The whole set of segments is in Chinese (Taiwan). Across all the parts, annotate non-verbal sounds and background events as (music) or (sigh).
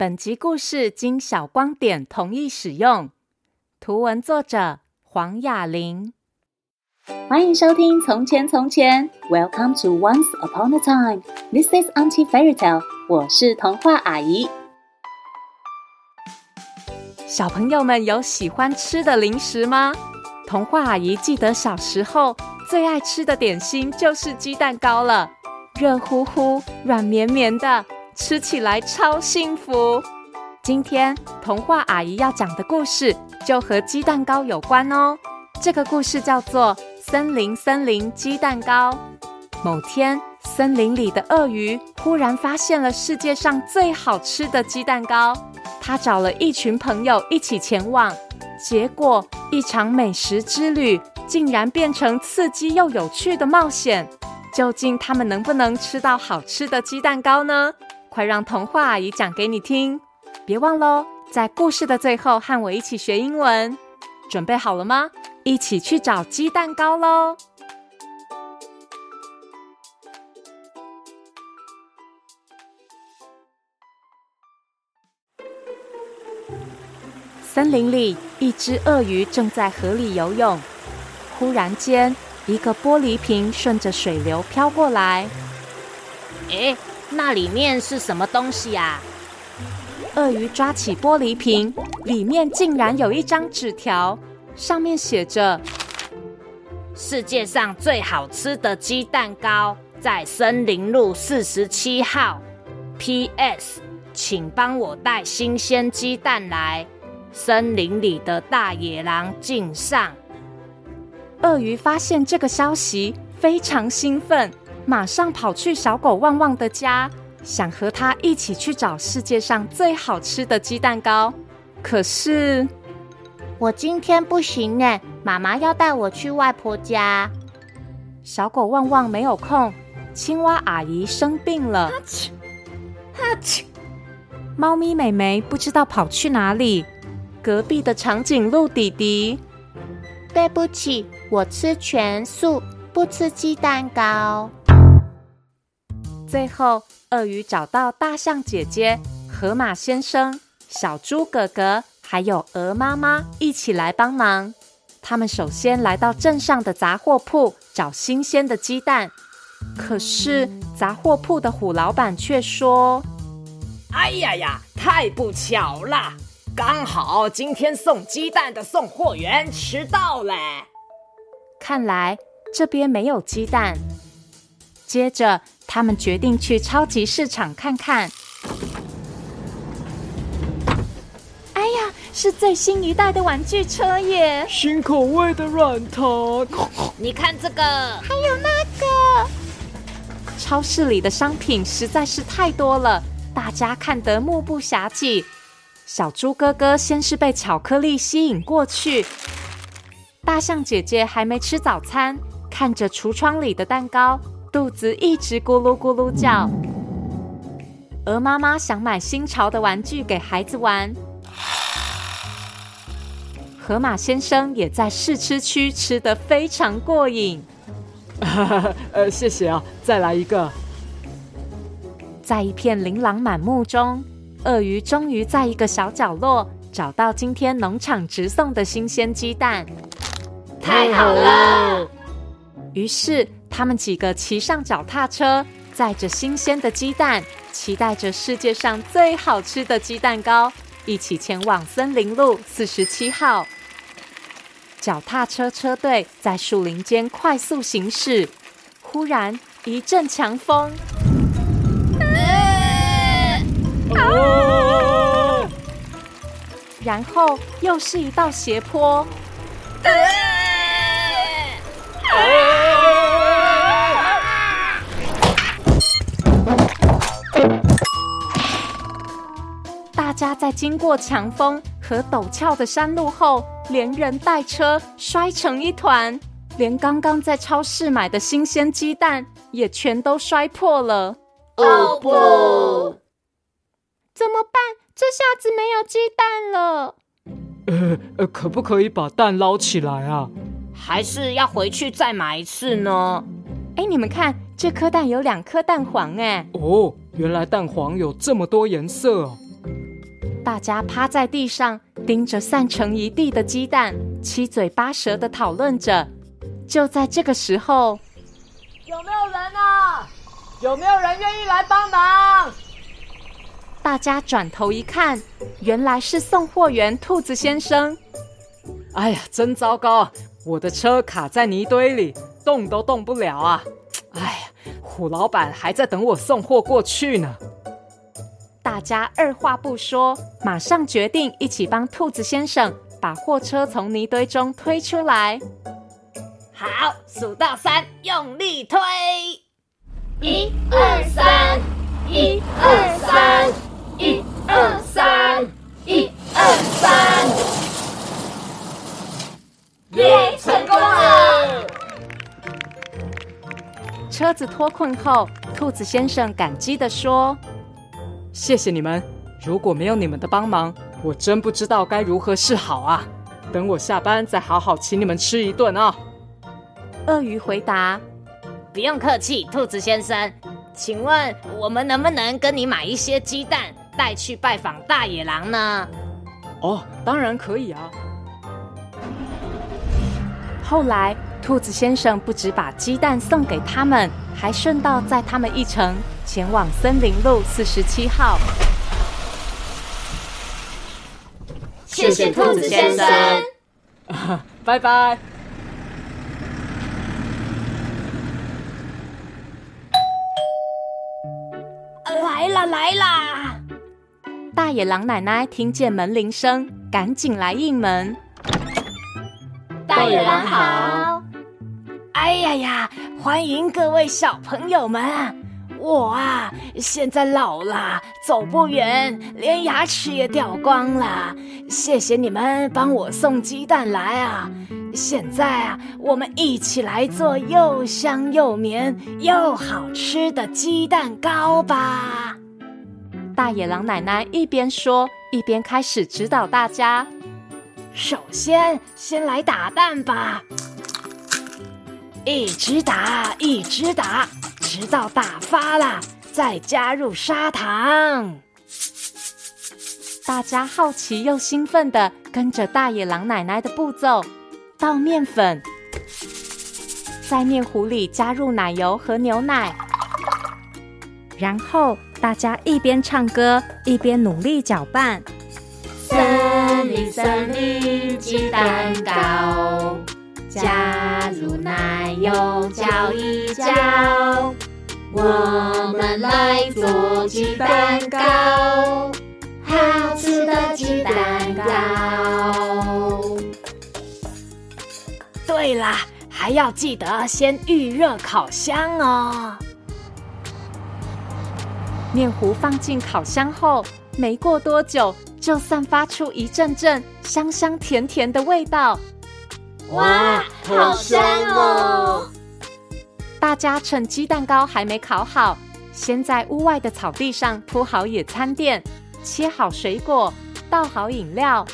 本集故事經小光點同意使用，圖文作者黃雅玲。歡迎收聽《從前從前》，Welcome to Once Upon a Time。This is Auntie Fairy Tale。我是童話阿姨。小朋友們有喜歡吃的零食嗎？童話阿姨記得小時候最愛吃的點心就是雞蛋糕了，熱乎乎、軟綿綿綿的。吃起來超幸福！今天童話阿姨要講的故事就和雞蛋糕有關哦。這個故事叫做《森林森林雞蛋糕》。某天，森林裡的鱷魚忽然發現了世界上最好吃的雞蛋糕，他找了一群朋友一起前往。結果，一場美食之旅竟然變成刺激又有趣的冒險。究竟他們能不能吃到好吃的雞蛋糕呢？快讓童話阿姨講給你聽，別忘嘍！在故事的最後和我一起學英文，準備好了嗎？一起去找雞蛋糕嘍！森林裡，一隻鱷魚正在河裡游泳。忽然間，一個玻璃瓶順着水流飄過來。誒！那裡面是什麼東西呀、啊？鱷魚抓起玻璃瓶，裡面竟然有一張紙條，上面寫着：“世界上最好吃的雞蛋糕在森林路四十七號。P.S. 請幫我帶新鮮雞蛋來。森林裡的大野狼敬上。”鱷魚發現這個消息，非常興奮。馬上跑去小狗旺旺的家，想和它一起去找世界上最好吃的雞蛋糕。可是我今天不行耶，媽媽要帶我去外婆家。小狗旺旺沒有空，青蛙阿姨生病了。哈切哈切，啊、貓咪妹妹不知道跑去哪裡。隔壁的長頸鹿弟弟，對不起，我吃全素，不吃雞蛋糕。最後，鱷魚找到大象姐姐、河馬先生、小豬哥哥，還有鵝媽媽一起來幫忙。他們首先來到鎮上的雜貨鋪找新鮮的雞蛋，可是雜貨鋪的虎老板卻說：“哎呀呀，太不巧了，剛好今天送雞蛋的送貨員遲到了，看來這邊沒有雞蛋。”接着。他們決定去超級市場看看。哎呀，是最新一代的玩具車耶！新口味的軟糖。你看這個，還有那個。超市裡的商品實在是太多了，大家看得目不暇接。小豬哥哥先是被巧克力吸引過去，大象姐姐還沒吃早餐，看着櫥窗裡的蛋糕。肚子一直咕嚕咕嚕叫，鵝媽媽想買新潮的玩具給孩子玩。河馬先生也在試吃區吃得非常過癮。呃，謝謝啊，再來一個。在一片琳琅滿目中，鱷魚終於在一個小角落找到今天農場直送的新鮮雞蛋。太好了！於是。他們幾個騎上腳踏車，載着新鮮的雞蛋，期待着世界上最好吃的雞蛋糕，一起前往森林路四十七號。腳踏車車隊在樹林間快速行駛，忽然一陣強風，然後又是一道斜坡，家在經過強風和陡峭的山路後，連人帶車摔成一團，連剛剛在超市買的新鮮雞蛋也全都摔破了。哦、oh, 不！怎麼辦？這下子沒有雞蛋了。呃，呃，可不可以把蛋撈起來啊？還是要回去再買一次呢？哎，你們看，這顆蛋有兩顆蛋黃哎、啊。哦，原來蛋黃有這麼多顏色哦。大家趴在地上，盯着散成一地的雞蛋，七嘴八舌的討論着。就在這個時候，有沒有人啊？有沒有人願意來幫忙？大家轉頭一看，原來是送貨員兔子先生。哎呀，真糟糕！我的車卡在泥堆裡，動都動不了啊！哎呀，虎老闆還在等我送貨過去呢。家二話不說，馬上決定一起幫兔子先生把貨車從泥堆中推出來。好，數到三，用力推！一二三，一二三，一二三，一二三，耶，成功了！車子脫困後，兔子先生感激地說。謝謝你們，如果沒有你們的幫忙，我真不知道該如何是好啊！等我下班再好好請你們吃一頓啊！鱷魚回答：“不用客氣，兔子先生，請問我們能不能跟你買一些雞蛋帶去拜訪大野狼呢？”哦，當然可以啊。後來。兔子先生不只把雞蛋送給他們，還順道載他們一程，前往森林路四十七號。謝謝兔子先生，啊、拜拜。來啦來啦，來啦！大野狼奶奶聽見門鈴聲，趕緊來應門。大野狼好。哎呀呀！歡迎各位小朋友們！我啊，現在老了，走不遠，連牙齒也掉光了。謝謝你們幫我送雞蛋來啊！現在啊，我們一起來做又香又綿又好吃的雞蛋糕吧！大野狼奶奶一邊說，一邊開始指導大家。首先，先來打蛋吧。一直打，一直打，直到打發了，再加入砂糖。大家好奇又興奮地跟着大野狼奶奶的步驟，倒麵粉，在麵糊裡加入奶油和牛奶，然後大家一邊唱歌，一邊努力攪拌。森林森林雞蛋糕。加入奶油，攪一攪，我們來做雞蛋糕，好吃的雞蛋糕。對啦，還要記得先預熱烤箱哦。麵糊放進烤箱後，沒過多久就散發出一陣陣香香甜甜的味道。哇，好香哦！大家趁雞蛋糕還沒烤好，先在屋外的草地上鋪好野餐墊，切好水果，倒好飲料。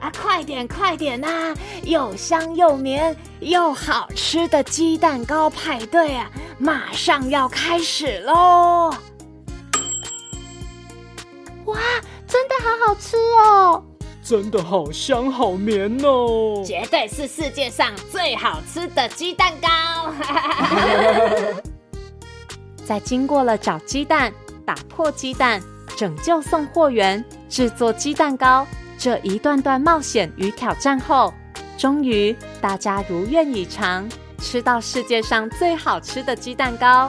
啊，快點快點吶，啊！又香又綿又好吃的雞蛋糕派對啊，馬上要開始嘍！哇，真的好好吃哦！真的好香好綿哦！絕對是世界上最好吃的雞蛋糕。在 (laughs) (laughs) 經過了找雞蛋、打破雞蛋、拯救送貨員、製作雞蛋糕這一段段冒險與挑戰後，終於大家如願以償吃到世界上最好吃的雞蛋糕。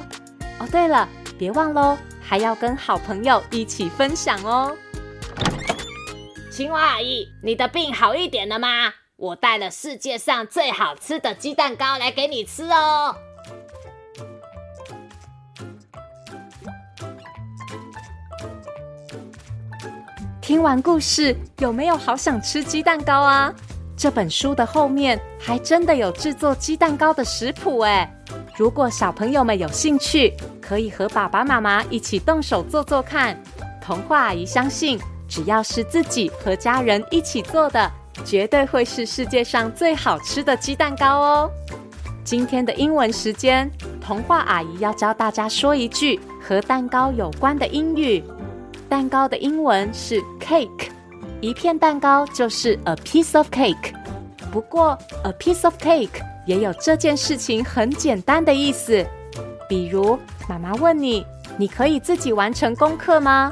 哦，對了，別忘嘍，還要跟好朋友一起分享哦。青蛙阿姨，你的病好一點了嗎？我帶了世界上最好吃的雞蛋糕來給你吃哦。聽完故事，有沒有好想吃雞蛋糕啊？這本書的後面還真的有制作雞蛋糕的食譜哎。如果小朋友們有興趣，可以和爸爸媽媽一起動手做做看。童話阿姨相信，只要是自己和家人一起做的，絕對會是世界上最好吃的雞蛋糕哦。今天的英文時間，童話阿姨要教大家說一句和蛋糕有關的英語。蛋糕的英文是 cake，一片蛋糕就是 a piece of cake。不過 a piece of cake 也有這件事情很簡單的意思。比如媽媽問你，你可以自己完成功課嗎？